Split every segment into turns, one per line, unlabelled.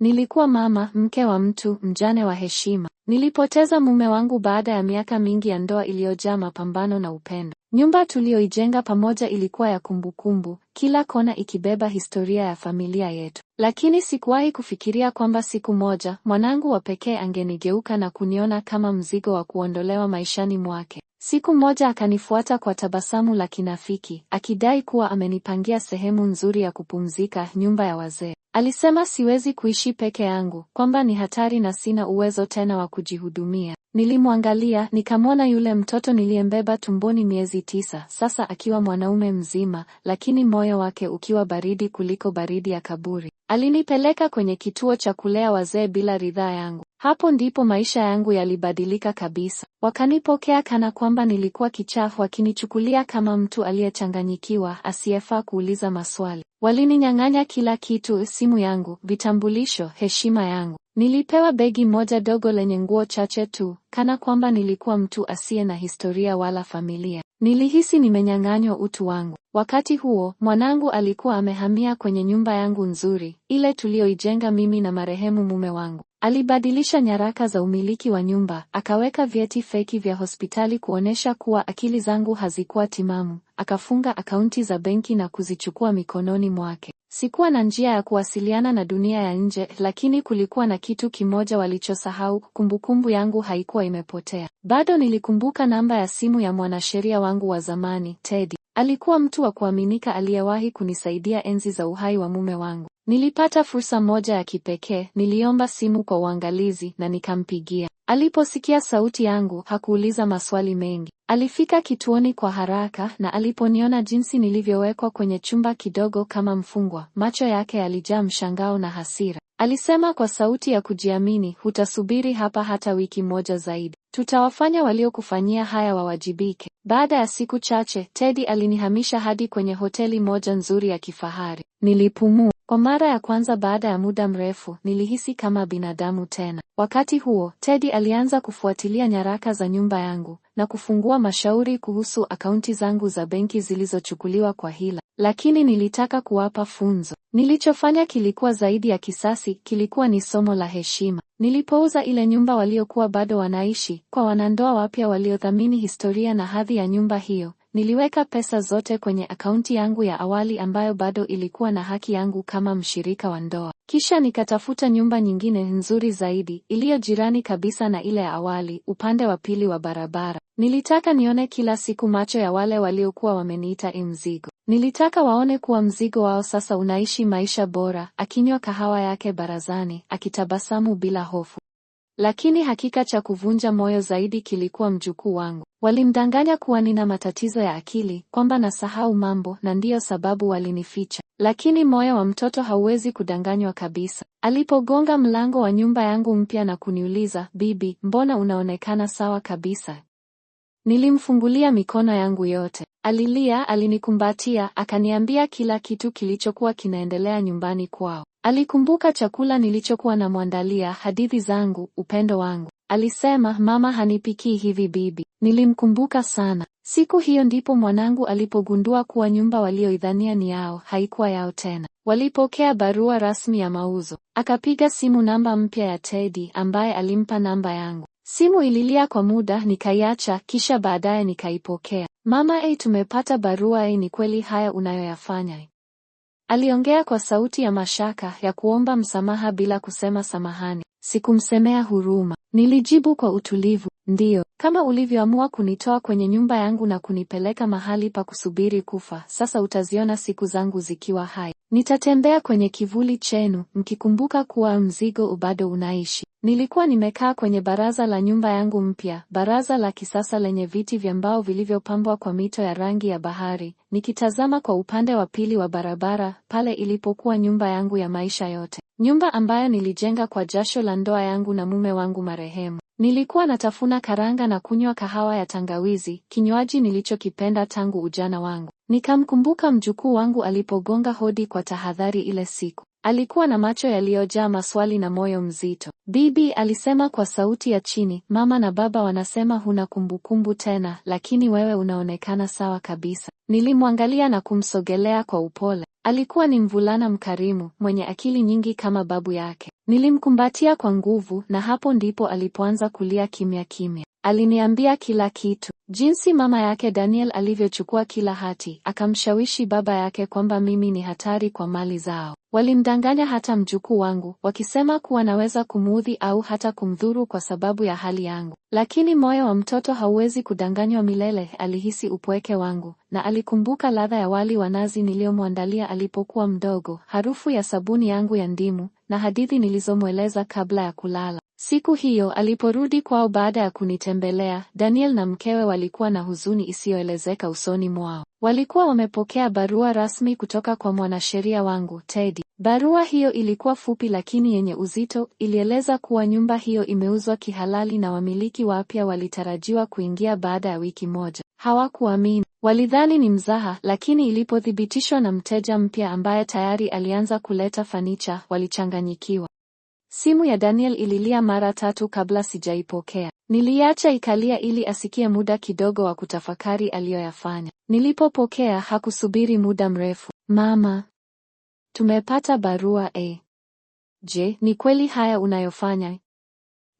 Nilikuwa mama, mke wa mtu, mjane wa heshima. Nilipoteza mume wangu baada ya miaka mingi ya ndoa iliyojaa mapambano na upendo. Nyumba tuliyoijenga pamoja ilikuwa ya kumbukumbu, kila kona ikibeba historia ya familia yetu. Lakini sikuwahi kufikiria kwamba siku moja mwanangu wa pekee angenigeuka na kuniona kama mzigo wa kuondolewa maishani mwake. Siku moja akanifuata kwa tabasamu la kinafiki, akidai kuwa amenipangia sehemu nzuri ya kupumzika, nyumba ya wazee. Alisema siwezi kuishi peke yangu, kwamba ni hatari na sina uwezo tena wa kujihudumia. Nilimwangalia nikamwona yule mtoto niliyembeba tumboni miezi tisa, sasa akiwa mwanaume mzima, lakini moyo wake ukiwa baridi kuliko baridi ya kaburi. Alinipeleka kwenye kituo cha kulea wazee bila ridhaa yangu. Hapo ndipo maisha yangu yalibadilika kabisa. Wakanipokea kana kwamba nilikuwa kichafu, wakinichukulia kama mtu aliyechanganyikiwa asiyefaa kuuliza maswali. Walininyang'anya kila kitu: simu yangu, vitambulisho, heshima yangu. Nilipewa begi moja dogo lenye nguo chache tu, kana kwamba nilikuwa mtu asiye na historia wala familia. Nilihisi nimenyang'anywa utu wangu. Wakati huo mwanangu alikuwa amehamia kwenye nyumba yangu nzuri, ile tuliyoijenga mimi na marehemu mume wangu. Alibadilisha nyaraka za umiliki wa nyumba, akaweka vyeti feki vya hospitali kuonesha kuwa akili zangu hazikuwa timamu, akafunga akaunti za benki na kuzichukua mikononi mwake. Sikuwa na njia ya kuwasiliana na dunia ya nje, lakini kulikuwa na kitu kimoja walichosahau: kumbukumbu yangu haikuwa imepotea. Bado nilikumbuka namba ya simu ya mwanasheria wangu wa zamani, Teddy. Alikuwa mtu wa kuaminika aliyewahi kunisaidia enzi za uhai wa mume wangu. Nilipata fursa moja ya kipekee, niliomba simu kwa uangalizi na nikampigia. Aliposikia sauti yangu, hakuuliza maswali mengi. Alifika kituoni kwa haraka na aliponiona jinsi nilivyowekwa kwenye chumba kidogo kama mfungwa, macho yake yalijaa mshangao na hasira. Alisema kwa sauti ya kujiamini, hutasubiri hapa hata wiki moja zaidi. Tutawafanya waliokufanyia haya wawajibike. Baada ya siku chache, Teddy alinihamisha hadi kwenye hoteli moja nzuri ya kifahari. Nilipumua kwa mara ya kwanza baada ya muda mrefu, nilihisi kama binadamu tena. Wakati huo, Teddy alianza kufuatilia nyaraka za nyumba yangu na kufungua mashauri kuhusu akaunti zangu za benki zilizochukuliwa kwa hila lakini nilitaka kuwapa funzo. Nilichofanya kilikuwa zaidi ya kisasi, kilikuwa ni somo la heshima. Nilipouza ile nyumba waliokuwa bado wanaishi kwa wanandoa wapya waliothamini historia na hadhi ya nyumba hiyo, Niliweka pesa zote kwenye akaunti yangu ya awali ambayo bado ilikuwa na haki yangu kama mshirika wa ndoa. Kisha nikatafuta nyumba nyingine nzuri zaidi, iliyo jirani kabisa na ile ya awali, upande wa pili wa barabara. Nilitaka nione kila siku macho ya wale waliokuwa wameniita mzigo. Nilitaka waone kuwa mzigo wao sasa unaishi maisha bora, akinywa kahawa yake barazani, akitabasamu bila hofu. Lakini hakika cha kuvunja moyo zaidi kilikuwa mjukuu wangu. Walimdanganya kuwa nina matatizo ya akili, kwamba nasahau mambo na ndiyo sababu walinificha. Lakini moyo wa mtoto hauwezi kudanganywa kabisa. Alipogonga mlango wa nyumba yangu mpya na kuniuliza, "Bibi, mbona unaonekana sawa kabisa?" Nilimfungulia mikono yangu yote. Alilia, alinikumbatia, akaniambia kila kitu kilichokuwa kinaendelea nyumbani kwao. Alikumbuka chakula nilichokuwa namwandalia, hadithi zangu, upendo wangu. Alisema mama hanipikii hivi bibi. Nilimkumbuka sana. Siku hiyo ndipo mwanangu alipogundua kuwa nyumba walioidhania ni yao haikuwa yao tena. Walipokea barua rasmi ya mauzo. Akapiga simu namba mpya ya Teddy ambaye alimpa namba yangu. Simu ililia kwa muda, nikaiacha, kisha baadaye nikaipokea. Mama ei, tumepata barua ei, ni kweli haya unayoyafanya Aliongea kwa sauti ya mashaka ya kuomba msamaha bila kusema samahani. Sikumsemea huruma, Nilijibu kwa utulivu, ndiyo. Kama ulivyoamua kunitoa kwenye nyumba yangu na kunipeleka mahali pa kusubiri kufa, sasa utaziona siku zangu zikiwa hai. Nitatembea kwenye kivuli chenu, mkikumbuka kuwa mzigo bado unaishi. Nilikuwa nimekaa kwenye baraza la nyumba yangu mpya, baraza la kisasa lenye viti vya mbao vilivyopambwa kwa mito ya rangi ya bahari, nikitazama kwa upande wa pili wa barabara, pale ilipokuwa nyumba yangu ya maisha yote, nyumba ambayo nilijenga kwa jasho la ndoa yangu na mume wangu marehemu. Nilikuwa natafuna karanga na kunywa kahawa ya tangawizi, kinywaji nilichokipenda tangu ujana wangu. Nikamkumbuka mjukuu wangu alipogonga hodi kwa tahadhari ile siku. Alikuwa na macho yaliyojaa maswali na moyo mzito. Bibi alisema kwa sauti ya chini, mama na baba wanasema huna kumbukumbu tena, lakini wewe unaonekana sawa kabisa. Nilimwangalia na kumsogelea kwa upole. Alikuwa ni mvulana mkarimu, mwenye akili nyingi kama babu yake. Nilimkumbatia kwa nguvu na hapo ndipo alipoanza kulia kimya kimya. Aliniambia kila kitu. Jinsi mama yake Daniel alivyochukua kila hati, akamshawishi baba yake kwamba mimi ni hatari kwa mali zao. Walimdanganya hata mjukuu wangu, wakisema kuwa naweza kumuudhi au hata kumdhuru kwa sababu ya hali yangu. Lakini moyo wa mtoto hauwezi kudanganywa milele. Alihisi upweke wangu na alikumbuka ladha ya wali wa nazi niliyomwandalia alipokuwa mdogo, harufu ya sabuni yangu ya ndimu na hadithi nilizomweleza kabla ya kulala. Siku hiyo aliporudi kwao baada ya kunitembelea, Daniel na mkewe walikuwa na huzuni isiyoelezeka usoni mwao. Walikuwa wamepokea barua rasmi kutoka kwa mwanasheria wangu Teddy. Barua hiyo ilikuwa fupi lakini yenye uzito, ilieleza kuwa nyumba hiyo imeuzwa kihalali na wamiliki wapya walitarajiwa kuingia baada ya wiki moja. Hawakuamini. Walidhani ni mzaha, lakini ilipothibitishwa na mteja mpya ambaye tayari alianza kuleta fanicha, walichanganyikiwa. Simu ya Daniel ililia mara tatu kabla sijaipokea. Niliacha ikalia ili asikie muda kidogo wa kutafakari aliyoyafanya. Nilipopokea hakusubiri muda mrefu. Mama, tumepata barua e. Je, ni kweli haya unayofanya?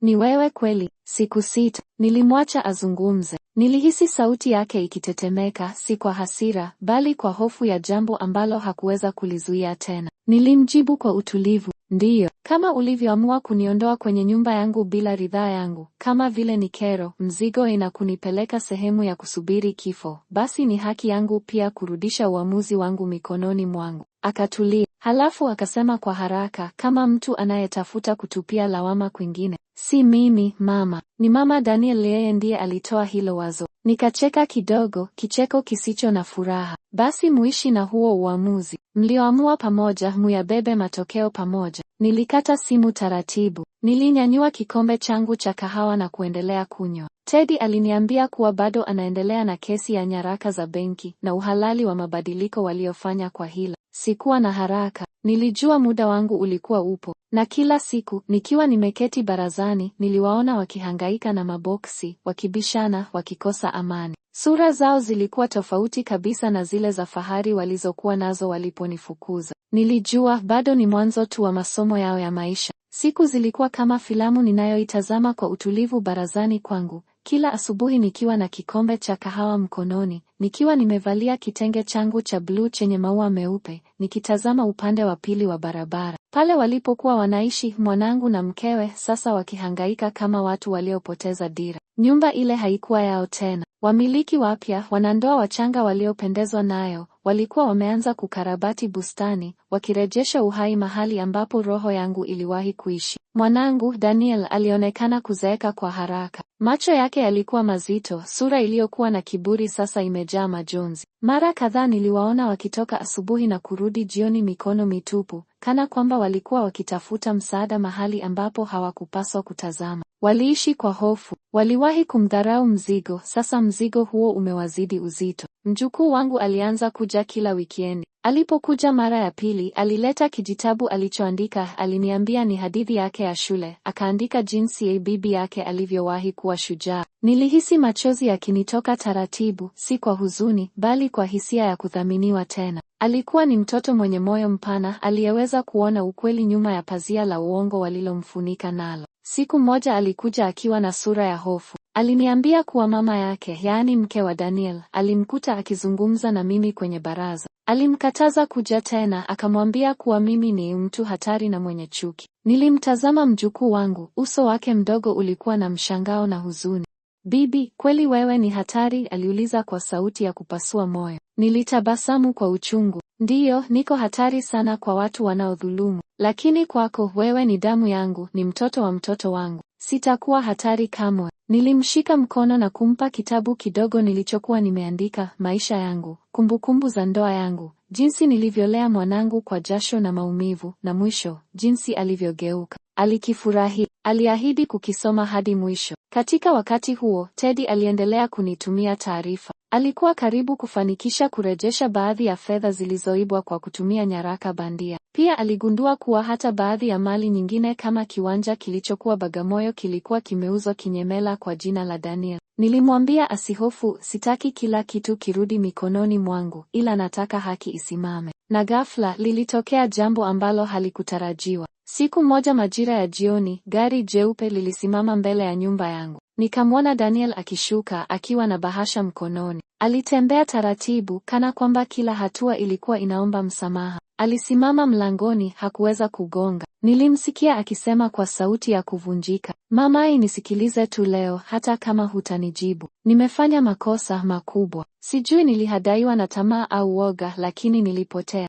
Ni wewe kweli? Siku sita. Nilimwacha azungumze. Nilihisi sauti yake ikitetemeka, si kwa hasira, bali kwa hofu ya jambo ambalo hakuweza kulizuia tena. Nilimjibu kwa utulivu, Ndiyo, kama ulivyoamua kuniondoa kwenye nyumba yangu bila ridhaa yangu, kama vile ni kero, mzigo ina kunipeleka sehemu ya kusubiri kifo, basi ni haki yangu pia kurudisha uamuzi wangu mikononi mwangu. Akatulia, halafu akasema kwa haraka, kama mtu anayetafuta kutupia lawama kwingine. Si mimi mama, ni mama Daniel, yeye ndiye alitoa hilo wazo. Nikacheka kidogo, kicheko kisicho na furaha. Basi muishi na huo uamuzi mlioamua pamoja, muyabebe matokeo pamoja. Nilikata simu taratibu, nilinyanyua kikombe changu cha kahawa na kuendelea kunywa. Teddy aliniambia kuwa bado anaendelea na kesi ya nyaraka za benki na uhalali wa mabadiliko waliofanya kwa hila. Sikuwa na haraka, nilijua muda wangu ulikuwa upo, na kila siku nikiwa nimeketi barazani, niliwaona wakihangaika na maboksi, wakibishana, wakikosa amani. Sura zao zilikuwa tofauti kabisa na zile za fahari walizokuwa nazo waliponifukuza. Nilijua bado ni mwanzo tu wa masomo yao ya maisha. Siku zilikuwa kama filamu ninayoitazama kwa utulivu barazani kwangu, kila asubuhi nikiwa na kikombe cha kahawa mkononi, nikiwa nimevalia kitenge changu cha bluu chenye maua meupe, nikitazama upande wa pili wa barabara, pale walipokuwa wanaishi mwanangu na mkewe, sasa wakihangaika kama watu waliopoteza dira. Nyumba ile haikuwa yao tena. Wamiliki wapya, wanandoa wachanga waliopendezwa nayo, walikuwa wameanza kukarabati bustani, wakirejesha uhai mahali ambapo roho yangu iliwahi kuishi. Mwanangu Daniel alionekana kuzeeka kwa haraka. Macho yake yalikuwa mazito, sura iliyokuwa na kiburi sasa imejaa majonzi. Mara kadhaa niliwaona wakitoka asubuhi na kurudi jioni mikono mitupu, kana kwamba walikuwa wakitafuta msaada mahali ambapo hawakupaswa kutazama. Waliishi kwa hofu. Waliwahi kumdharau Mzigo, sasa mzigo huo umewazidi uzito. Mjukuu wangu alianza kuja kila wikendi. Alipokuja mara ya pili, alileta kijitabu alichoandika. Aliniambia ni hadithi yake ya shule, akaandika jinsi ya bibi yake alivyowahi kuwa shujaa. Nilihisi machozi yakinitoka taratibu, si kwa huzuni, bali kwa hisia ya kuthaminiwa tena. Alikuwa ni mtoto mwenye moyo mpana, aliyeweza kuona ukweli nyuma ya pazia la uongo walilomfunika nalo. Siku moja alikuja akiwa na sura ya hofu. Aliniambia kuwa mama yake, yaani mke wa Daniel, alimkuta akizungumza na mimi kwenye baraza. Alimkataza kuja tena, akamwambia kuwa mimi ni mtu hatari na mwenye chuki. Nilimtazama mjukuu wangu, uso wake mdogo ulikuwa na mshangao na huzuni. Bibi, kweli wewe ni hatari? aliuliza kwa sauti ya kupasua moyo. Nilitabasamu kwa uchungu. Ndiyo, niko hatari sana kwa watu wanaodhulumu, lakini kwako wewe ni damu yangu, ni mtoto wa mtoto wangu. Sitakuwa hatari kamwe. Nilimshika mkono na kumpa kitabu kidogo nilichokuwa nimeandika, maisha yangu, kumbukumbu za ndoa yangu, jinsi nilivyolea mwanangu kwa jasho na maumivu, na mwisho, jinsi alivyogeuka. Alikifurahi. Aliahidi kukisoma hadi mwisho. Katika wakati huo, Teddy aliendelea kunitumia taarifa. Alikuwa karibu kufanikisha kurejesha baadhi ya fedha zilizoibwa kwa kutumia nyaraka bandia. Pia aligundua kuwa hata baadhi ya mali nyingine kama kiwanja kilichokuwa Bagamoyo kilikuwa kimeuzwa kinyemela kwa jina la Daniel. Nilimwambia asihofu, sitaki kila kitu kirudi mikononi mwangu, ila nataka haki isimame. Na ghafla lilitokea jambo ambalo halikutarajiwa. Siku moja majira ya jioni, gari jeupe lilisimama mbele ya nyumba yangu. Nikamwona Daniel akishuka akiwa na bahasha mkononi. Alitembea taratibu kana kwamba kila hatua ilikuwa inaomba msamaha. Alisimama mlangoni, hakuweza kugonga. Nilimsikia akisema kwa sauti ya kuvunjika, "Mamai, nisikilize tu leo, hata kama hutanijibu. Nimefanya makosa makubwa. Sijui nilihadaiwa na tamaa au woga, lakini nilipotea.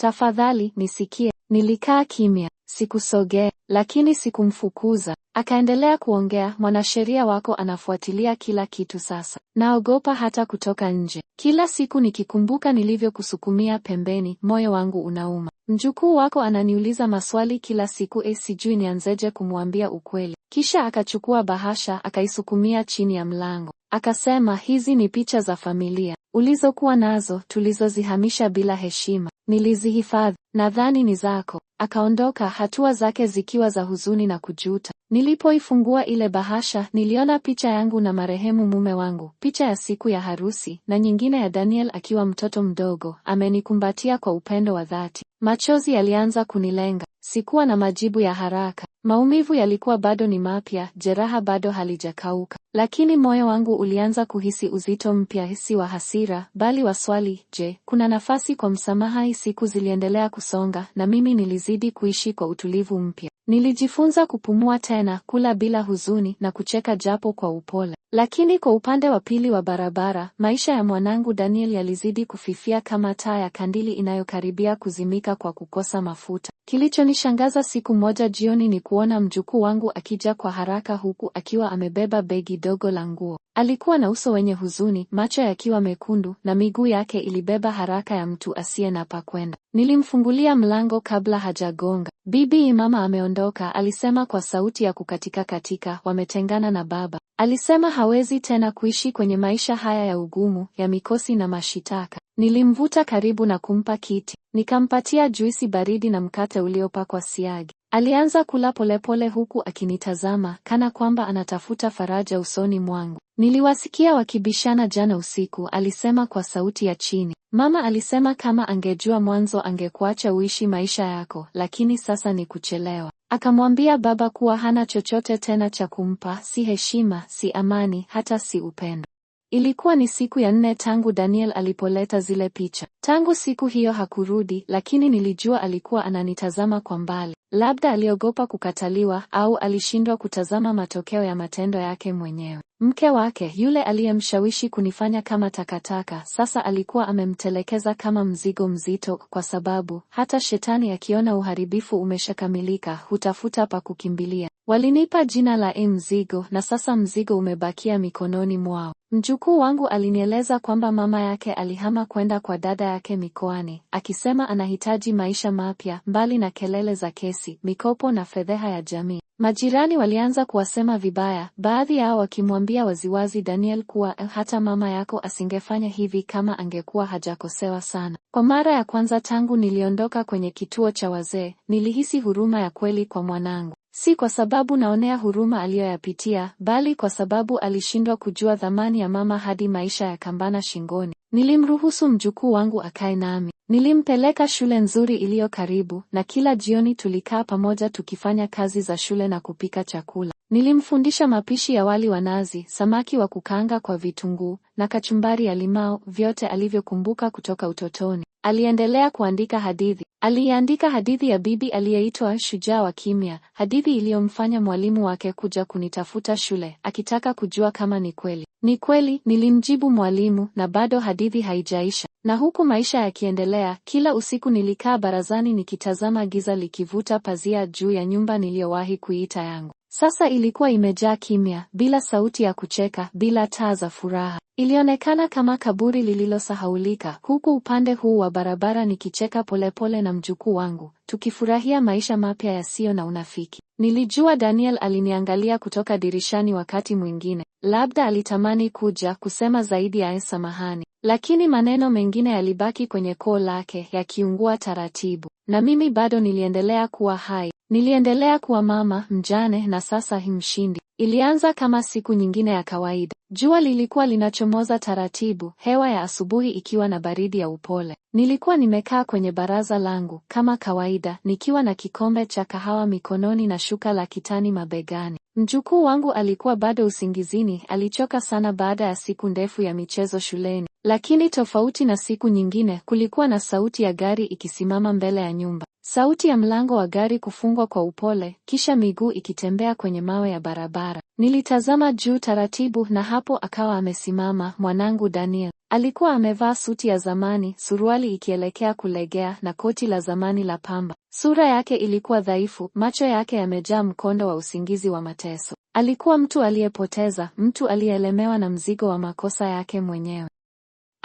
Tafadhali nisikie." Nilikaa kimya, sikusogea, lakini sikumfukuza. Akaendelea kuongea, mwanasheria wako anafuatilia kila kitu sasa. Naogopa hata kutoka nje. Kila siku nikikumbuka nilivyokusukumia pembeni, moyo wangu unauma. Mjukuu wako ananiuliza maswali kila siku, e, sijui nianzeje kumwambia ukweli. Kisha akachukua bahasha akaisukumia chini ya mlango. Akasema, hizi ni picha za familia ulizokuwa nazo tulizozihamisha bila heshima. Nilizihifadhi, nadhani ni zako. Akaondoka, hatua zake zikiwa za huzuni na kujuta. Nilipoifungua ile bahasha, niliona picha yangu na marehemu mume wangu, picha ya siku ya harusi na nyingine ya Daniel akiwa mtoto mdogo, amenikumbatia kwa upendo wa dhati. Machozi yalianza kunilenga. Sikuwa na majibu ya haraka. Maumivu yalikuwa bado ni mapya, jeraha bado halijakauka. Lakini moyo wangu ulianza kuhisi uzito mpya, si wa hasira, bali wa swali, je, kuna nafasi kwa msamaha? Siku ziliendelea kusonga na mimi nilizidi kuishi kwa utulivu mpya. Nilijifunza kupumua tena, kula bila huzuni na kucheka japo kwa upole. Lakini kwa upande wa pili wa barabara, maisha ya mwanangu Daniel yalizidi kufifia kama taa ya kandili inayokaribia kuzimika kwa kukosa mafuta. Kilichonishangaza siku moja jioni ni kuona mjukuu wangu akija kwa haraka huku akiwa amebeba begi dogo la nguo. Alikuwa na uso wenye huzuni, macho yakiwa mekundu na miguu yake ilibeba haraka ya mtu asiye na pa kwenda. Nilimfungulia mlango kabla hajagonga. Bibi mama ameondoka, alisema kwa sauti ya kukatika katika. Wametengana na baba. Alisema hawezi tena kuishi kwenye maisha haya ya ugumu, ya mikosi na mashitaka. Nilimvuta karibu na kumpa kiti. Nikampatia juisi baridi na mkate uliopakwa siagi. Alianza kula polepole huku akinitazama kana kwamba anatafuta faraja usoni mwangu. Niliwasikia wakibishana jana usiku, alisema kwa sauti ya chini. Mama alisema kama angejua mwanzo angekuacha uishi maisha yako, lakini sasa ni kuchelewa. Akamwambia baba kuwa hana chochote tena cha kumpa, si heshima, si amani, hata si upendo. Ilikuwa ni siku ya nne tangu Daniel alipoleta zile picha. Tangu siku hiyo hakurudi, lakini nilijua alikuwa ananitazama kwa mbali. Labda aliogopa kukataliwa au alishindwa kutazama matokeo ya matendo yake mwenyewe. Mke wake yule aliyemshawishi kunifanya kama takataka, sasa alikuwa amemtelekeza kama mzigo mzito, kwa sababu hata shetani akiona uharibifu umeshakamilika hutafuta pa kukimbilia. Walinipa jina la Mzigo na sasa mzigo umebakia mikononi mwao. Mjukuu wangu alinieleza kwamba mama yake alihama kwenda kwa dada yake mikoani, akisema anahitaji maisha mapya mbali na kelele za kesi, mikopo na fedheha ya jamii. Majirani walianza kuwasema vibaya, baadhi yao wakimwambia waziwazi Daniel kuwa eh, hata mama yako asingefanya hivi kama angekuwa hajakosewa sana. Kwa mara ya kwanza tangu niliondoka kwenye kituo cha wazee, nilihisi huruma ya kweli kwa mwanangu. Si kwa sababu naonea huruma aliyoyapitia, bali kwa sababu alishindwa kujua thamani ya mama hadi maisha yakambana shingoni. Nilimruhusu mjukuu wangu akae nami. Nilimpeleka shule nzuri iliyo karibu, na kila jioni tulikaa pamoja tukifanya kazi za shule na kupika chakula. Nilimfundisha mapishi ya wali wa nazi, samaki wa kukanga kwa vitunguu, na kachumbari ya limao, vyote alivyokumbuka kutoka utotoni. Aliendelea kuandika hadithi. Aliandika hadithi ya bibi aliyeitwa Shujaa wa Kimya, hadithi iliyomfanya mwalimu wake kuja kunitafuta shule, akitaka kujua kama ni kweli. Ni kweli, nilimjibu mwalimu, na bado hadithi haijaisha. Na huku maisha yakiendelea, kila usiku nilikaa barazani nikitazama giza likivuta pazia juu ya nyumba niliyowahi kuiita yangu. Sasa ilikuwa imejaa kimya, bila sauti ya kucheka, bila taa za furaha. Ilionekana kama kaburi lililosahaulika, huku upande huu wa barabara nikicheka polepole na mjukuu wangu, tukifurahia maisha mapya yasiyo na unafiki. Nilijua Daniel aliniangalia kutoka dirishani wakati mwingine. Labda alitamani kuja kusema zaidi ya samahani, lakini maneno mengine yalibaki kwenye koo lake yakiungua taratibu na mimi bado niliendelea kuwa hai, niliendelea kuwa mama mjane, na sasa himshindi. Ilianza kama siku nyingine ya kawaida. Jua lilikuwa linachomoza taratibu, hewa ya asubuhi ikiwa na baridi ya upole. Nilikuwa nimekaa kwenye baraza langu kama kawaida, nikiwa na kikombe cha kahawa mikononi na shuka la kitani mabegani. Mjukuu wangu alikuwa bado usingizini, alichoka sana baada ya siku ndefu ya michezo shuleni. Lakini tofauti na siku nyingine, kulikuwa na sauti ya gari ikisimama mbele ya nyumba. Sauti ya mlango wa gari kufungwa kwa upole, kisha miguu ikitembea kwenye mawe ya barabara. Nilitazama juu taratibu, na hapo akawa amesimama mwanangu Daniel. Alikuwa amevaa suti ya zamani, suruali ikielekea kulegea na koti la zamani la pamba. Sura yake ilikuwa dhaifu, macho yake yamejaa mkondo wa usingizi wa mateso. Alikuwa mtu aliyepoteza, mtu aliyeelemewa na mzigo wa makosa yake mwenyewe.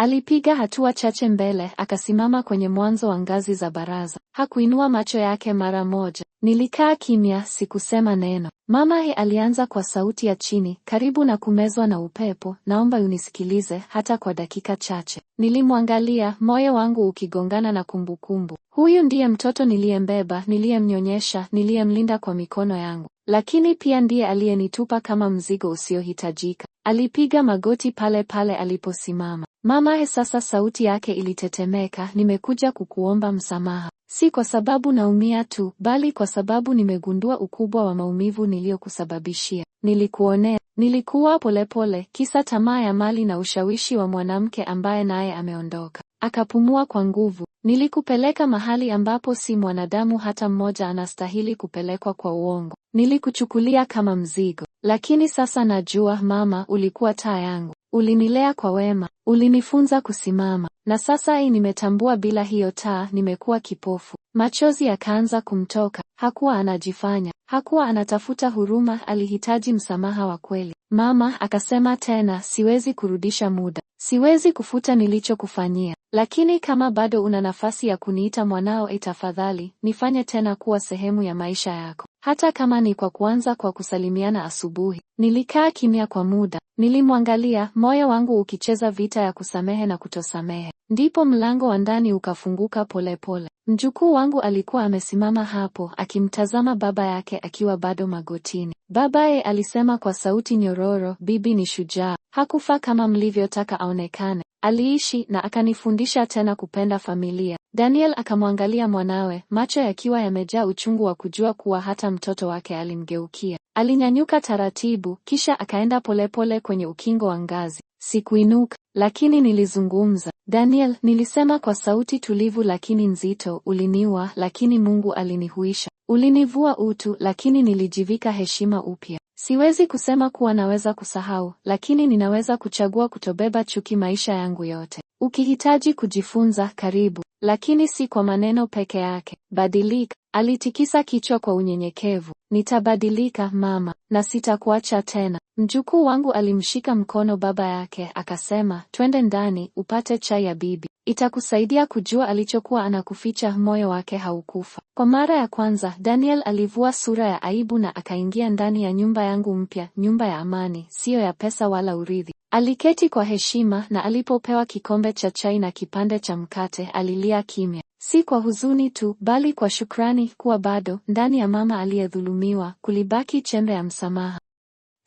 Alipiga hatua chache mbele, akasimama kwenye mwanzo wa ngazi za baraza. Hakuinua macho yake mara moja. Nilikaa kimya, sikusema neno. Mamaye alianza kwa sauti ya chini, karibu na kumezwa na upepo, naomba unisikilize hata kwa dakika chache. Nilimwangalia, moyo wangu ukigongana na kumbukumbu. Huyu ndiye mtoto niliyembeba, niliyemnyonyesha, niliyemlinda kwa mikono yangu, lakini pia ndiye aliyenitupa kama mzigo usiohitajika. Alipiga magoti pale pale aliposimama. Mama, sasa sauti yake ilitetemeka, nimekuja kukuomba msamaha, si kwa sababu naumia tu, bali kwa sababu nimegundua ukubwa wa maumivu niliyokusababishia. Nilikuonea, nilikuwa polepole pole, kisa tamaa ya mali na ushawishi wa mwanamke ambaye naye ameondoka. Akapumua kwa nguvu. Nilikupeleka mahali ambapo si mwanadamu hata mmoja anastahili kupelekwa kwa uongo. Nilikuchukulia kama mzigo, lakini sasa najua mama, ulikuwa taa yangu. Ulinilea kwa wema, ulinifunza kusimama, na sasa hii nimetambua bila hiyo taa nimekuwa kipofu. Machozi yakaanza kumtoka. Hakuwa anajifanya, hakuwa anatafuta huruma, alihitaji msamaha wa kweli. Mama akasema tena, siwezi kurudisha muda, siwezi kufuta nilichokufanyia, lakini kama bado una nafasi ya kuniita mwanao, itafadhali nifanye tena kuwa sehemu ya maisha yako hata kama ni kwa kuanza kwa kusalimiana asubuhi. Nilikaa kimya kwa muda, nilimwangalia, moyo wangu ukicheza vita ya kusamehe na kutosamehe. Ndipo mlango wa ndani ukafunguka polepole. Mjukuu wangu alikuwa amesimama hapo akimtazama baba yake akiwa bado magotini. Babaye alisema kwa sauti nyororo, bibi ni shujaa, hakufa kama mlivyotaka aonekane. Aliishi na akanifundisha tena kupenda familia. Daniel akamwangalia mwanawe, macho yakiwa yamejaa uchungu wa kujua kuwa hata mtoto wake alimgeukia. Alinyanyuka taratibu, kisha akaenda polepole kwenye ukingo wa ngazi. Sikuinuka, lakini nilizungumza. Daniel, nilisema kwa sauti tulivu lakini nzito, uliniua, lakini Mungu alinihuisha. Ulinivua utu, lakini nilijivika heshima upya. Siwezi kusema kuwa naweza kusahau, lakini ninaweza kuchagua kutobeba chuki maisha yangu yote. Ukihitaji kujifunza, karibu, lakini si kwa maneno peke yake. Badilika. Alitikisa kichwa kwa unyenyekevu. Nitabadilika mama, na sitakuacha tena. Mjukuu wangu alimshika mkono baba yake akasema, twende ndani upate chai ya bibi, itakusaidia kujua alichokuwa anakuficha, moyo wake haukufa. Kwa mara ya kwanza Daniel alivua sura ya aibu na akaingia ndani ya nyumba yangu mpya, nyumba ya amani, siyo ya pesa wala urithi. Aliketi kwa heshima na alipopewa kikombe cha chai na kipande cha mkate alilia kimya, si kwa huzuni tu, bali kwa shukrani kuwa bado ndani ya mama aliyedhulumiwa kulibaki chembe ya msamaha.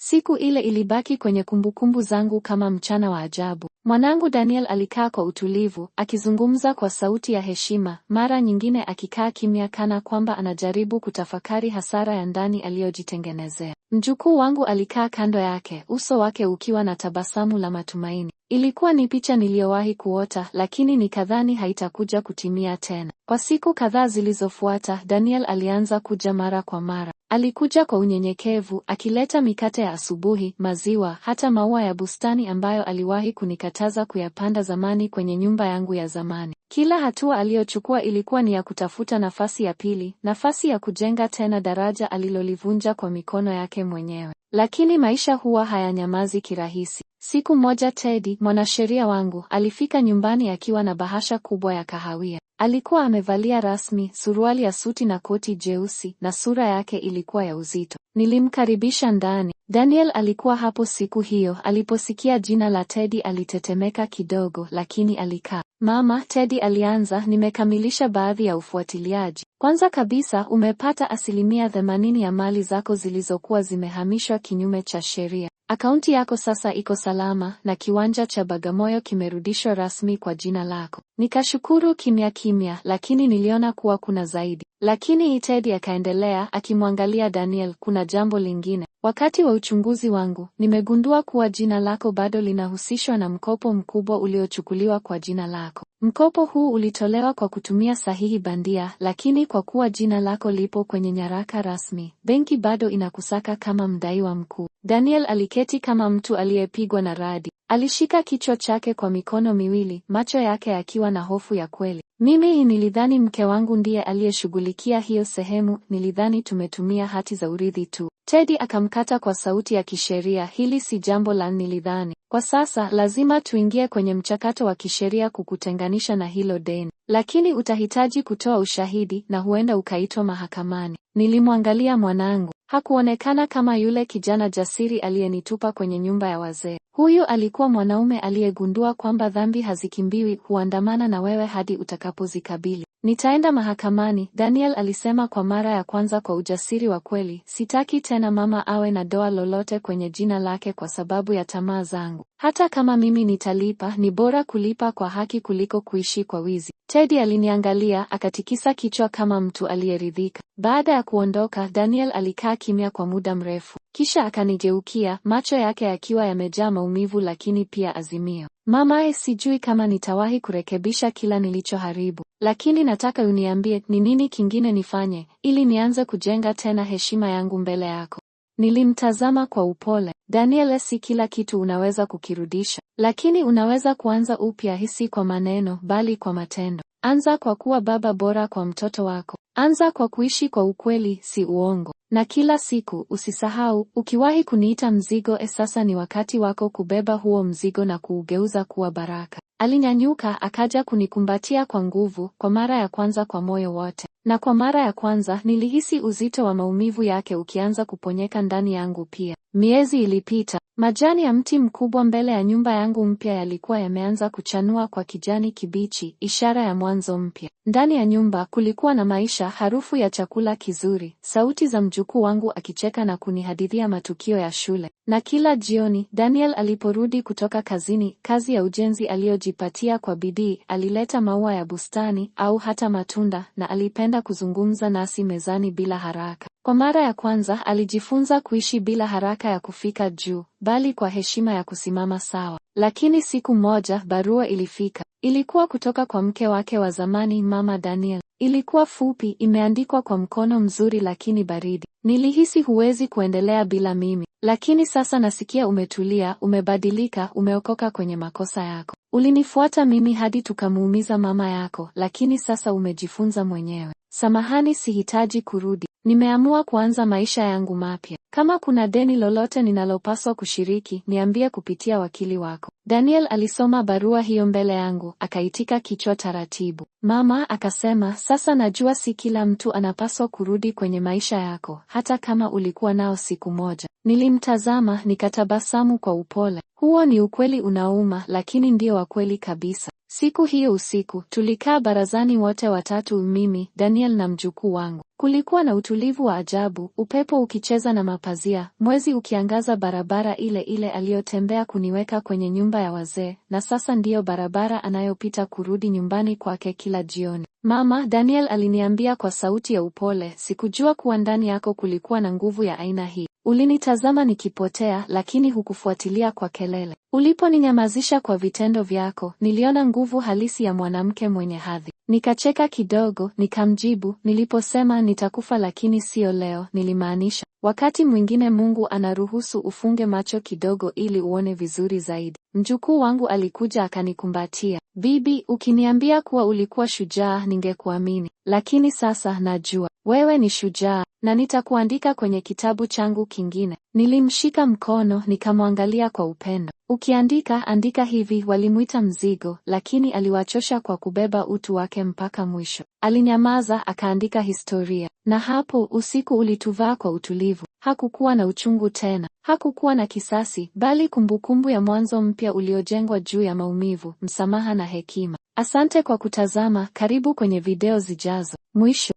Siku ile ilibaki kwenye kumbukumbu zangu kama mchana wa ajabu. Mwanangu Daniel alikaa kwa utulivu, akizungumza kwa sauti ya heshima, mara nyingine akikaa kimya kana kwamba anajaribu kutafakari hasara ya ndani aliyojitengenezea. Mjukuu wangu alikaa kando yake, uso wake ukiwa na tabasamu la matumaini. Ilikuwa ni picha niliyowahi kuota, lakini nikadhani haitakuja kutimia tena. Kwa siku kadhaa zilizofuata, Daniel alianza kuja mara kwa mara. Alikuja kwa unyenyekevu akileta mikate ya asubuhi, maziwa, hata maua ya bustani ambayo aliwahi kunikataza kuyapanda zamani kwenye nyumba yangu ya zamani. Kila hatua aliyochukua ilikuwa ni ya kutafuta nafasi ya pili, nafasi ya kujenga tena daraja alilolivunja kwa mikono yake mwenyewe. Lakini maisha huwa hayanyamazi kirahisi. Siku moja Teddy, mwanasheria wangu, alifika nyumbani akiwa na bahasha kubwa ya kahawia. Alikuwa amevalia rasmi, suruali ya suti na koti jeusi, na sura yake ilikuwa ya uzito. Nilimkaribisha ndani. Daniel alikuwa hapo siku hiyo. Aliposikia jina la Teddy alitetemeka kidogo, lakini alikaa. Mama, Teddy alianza, nimekamilisha baadhi ya ufuatiliaji. Kwanza kabisa, umepata asilimia themanini ya mali zako zilizokuwa zimehamishwa kinyume cha sheria. Akaunti yako sasa iko salama na kiwanja cha Bagamoyo kimerudishwa rasmi kwa jina lako. Nikashukuru kimya kimya, lakini niliona kuwa kuna zaidi. Lakini Ted akaendelea akimwangalia Daniel, kuna jambo lingine. Wakati wa uchunguzi wangu, nimegundua kuwa jina lako bado linahusishwa na mkopo mkubwa uliochukuliwa kwa jina lako. Mkopo huu ulitolewa kwa kutumia sahihi bandia, lakini kwa kuwa jina lako lipo kwenye nyaraka rasmi, benki bado inakusaka kama mdaiwa mkuu. Daniel aliketi kama mtu aliyepigwa na radi. Alishika kichwa chake kwa mikono miwili, macho yake akiwa na hofu ya kweli. Mimi nilidhani mke wangu ndiye aliyeshughulikia hiyo sehemu, nilidhani tumetumia hati za urithi tu. Teddy akamkata kwa sauti ya kisheria, hili si jambo la nilidhani. Kwa sasa lazima tuingie kwenye mchakato wa kisheria kukutenganisha na hilo deni, lakini utahitaji kutoa ushahidi na huenda ukaitwa mahakamani. Nilimwangalia mwanangu Hakuonekana kama yule kijana jasiri aliyenitupa kwenye nyumba ya wazee. Huyu alikuwa mwanaume aliyegundua kwamba dhambi hazikimbiwi, huandamana na wewe hadi utakapozikabili. Nitaenda mahakamani, Daniel alisema kwa mara ya kwanza kwa ujasiri wa kweli. Sitaki tena mama awe na doa lolote kwenye jina lake kwa sababu ya tamaa zangu. Hata kama mimi nitalipa, ni bora kulipa kwa haki kuliko kuishi kwa wizi. Teddy aliniangalia, akatikisa kichwa kama mtu aliyeridhika. Baada ya kuondoka, Daniel alikaa kimya kwa muda mrefu. Kisha akanigeukia, macho yake yakiwa yamejaa maumivu lakini pia azimio. Mamae, sijui kama nitawahi kurekebisha kila nilichoharibu, lakini nataka uniambie ni nini kingine nifanye ili nianze kujenga tena heshima yangu mbele yako. Nilimtazama kwa upole. Daniel, si kila kitu unaweza kukirudisha, lakini unaweza kuanza upya, hisi kwa maneno, bali kwa matendo. Anza kwa kuwa baba bora kwa mtoto wako. Anza kwa kuishi kwa ukweli, si uongo. Na kila siku usisahau, ukiwahi kuniita mzigo, e, sasa ni wakati wako kubeba huo mzigo na kuugeuza kuwa baraka. Alinyanyuka akaja kunikumbatia kwa nguvu, kwa mara ya kwanza kwa moyo wote, na kwa mara ya kwanza nilihisi uzito wa maumivu yake ukianza kuponyeka ndani yangu pia. Miezi ilipita. Majani ya mti mkubwa mbele ya nyumba yangu mpya yalikuwa yameanza kuchanua kwa kijani kibichi, ishara ya mwanzo mpya. Ndani ya nyumba kulikuwa na maisha, harufu ya chakula kizuri, sauti za mjukuu wangu akicheka na kunihadithia matukio ya shule. Na kila jioni Daniel aliporudi kutoka kazini, kazi ya ujenzi aliyo kujipatia kwa bidii, alileta maua ya bustani au hata matunda na alipenda kuzungumza nasi mezani bila haraka. Kwa mara ya kwanza alijifunza kuishi bila haraka ya kufika juu, bali kwa heshima ya kusimama sawa. Lakini siku moja barua ilifika. Ilikuwa kutoka kwa mke wake wa zamani, Mama Daniel. Ilikuwa fupi, imeandikwa kwa mkono mzuri lakini baridi. Nilihisi huwezi kuendelea bila mimi, lakini sasa nasikia umetulia, umebadilika, umeokoka kwenye makosa yako. Ulinifuata mimi hadi tukamuumiza mama yako, lakini sasa umejifunza mwenyewe. Samahani, sihitaji kurudi. Nimeamua kuanza maisha yangu mapya. Kama kuna deni lolote ninalopaswa kushiriki, niambie kupitia wakili wako. Daniel alisoma barua hiyo mbele yangu, akaitika kichwa taratibu. Mama akasema, sasa najua si kila mtu anapaswa kurudi kwenye maisha yako, hata kama ulikuwa nao siku moja. Nilimtazama nikatabasamu kwa upole. Huo ni ukweli unauma, lakini ndio wa kweli kabisa. Siku hiyo usiku tulikaa barazani wote watatu, mimi, Daniel na mjukuu wangu. Kulikuwa na utulivu wa ajabu, upepo ukicheza na mapazia, mwezi ukiangaza barabara ile ile aliyotembea kuniweka kwenye nyumba ya wazee, na sasa ndiyo barabara anayopita kurudi nyumbani kwake kila jioni. Mama, Daniel aliniambia kwa sauti ya upole, sikujua kuwa ndani yako kulikuwa na nguvu ya aina hii. Ulinitazama nikipotea, lakini hukufuatilia kwa kelele. Uliponinyamazisha kwa vitendo vyako, niliona nguvu halisi ya mwanamke mwenye hadhi. Nikacheka kidogo, nikamjibu, niliposema nitakufa lakini sio leo, nilimaanisha. Wakati mwingine Mungu anaruhusu ufunge macho kidogo ili uone vizuri zaidi. Mjukuu wangu alikuja akanikumbatia. Bibi, ukiniambia kuwa ulikuwa shujaa ningekuamini, lakini sasa najua wewe ni shujaa na nitakuandika kwenye kitabu changu kingine. Nilimshika mkono nikamwangalia kwa upendo. Ukiandika andika hivi, walimwita mzigo, lakini aliwachosha kwa kubeba utu wake mpaka mwisho. Alinyamaza akaandika historia, na hapo usiku ulituvaa kwa utulivu. Hakukuwa na uchungu tena. Hakukuwa na kisasi, bali kumbukumbu ya mwanzo mpya uliojengwa juu ya maumivu, msamaha na hekima. Asante kwa kutazama, karibu kwenye video zijazo. Mwisho.